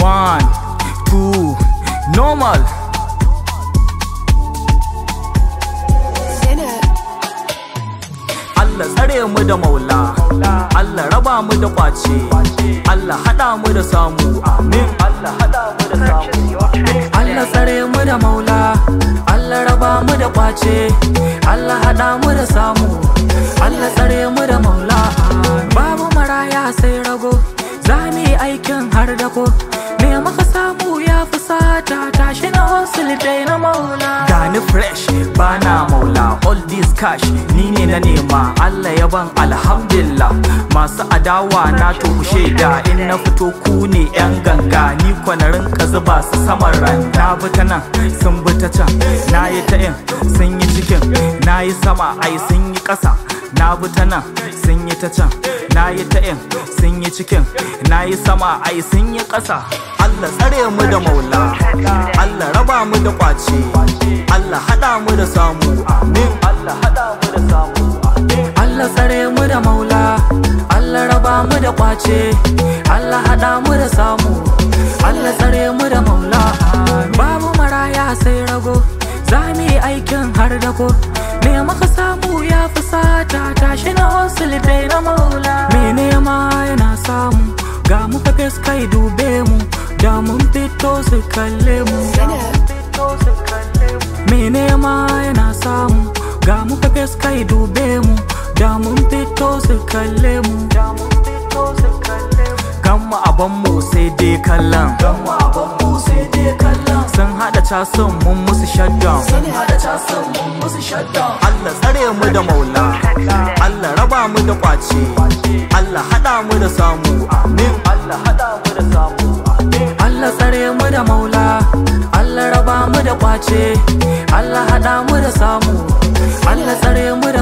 One, two, normal. Allah tsare mu da maula, Allah raba mu da kwace, Allah hada mu da samu, amin. Allah hada mu da samu, Allah tsare mu da maula, Allah raba mu da kwace, Allah hada mu da samu, Allah tsare mu da maula. Babu maraya sai rago, za mu yi aikin har da ko. me maka samu ya fusata tashi na hustle dai na maula gani fresh ba na maula all this cash ni ne na nema Allah ya ban alhamdulillah masu adawa na to shaida in na fito ku ne yan ganga ni kwanarin ka zuba su saman ran na bi nan sun bi can na yi ta yin sun yi cikin na yi sama ai sun yi kasa na bi nan sun yi ta can na yi ta yin sun yi cikin na yi sama ai sun yi ƙasa Allah tsare mu da maula Allah raba mu da kwace Allah hada mu da samu amin Allah hada mu da samu Allah tsare mu da maula Allah raba mu da kwace Allah hada mu da samu Allah tsare mu da maula babu maraya sai rago za mu yi aikin har da ko me maka samu ya fi sata tashi na wasu na maula me ne ma yana samu ga mu fes kai dube mu da mun fito su kalle mu mene ma yana samu ga muka fes kai dube mu da mun fito su kalle mu Gamma abon mu sai dai kallon sun hada casan mun musu shutdown Allah tsare mu da maula Allah raba mu da kwace Allah hada mu da samu amin Allah hada mu da samu Allah tsare mu da maula Allah raba mu da kwace Allah haɗa mu da samu Allah tsare mu da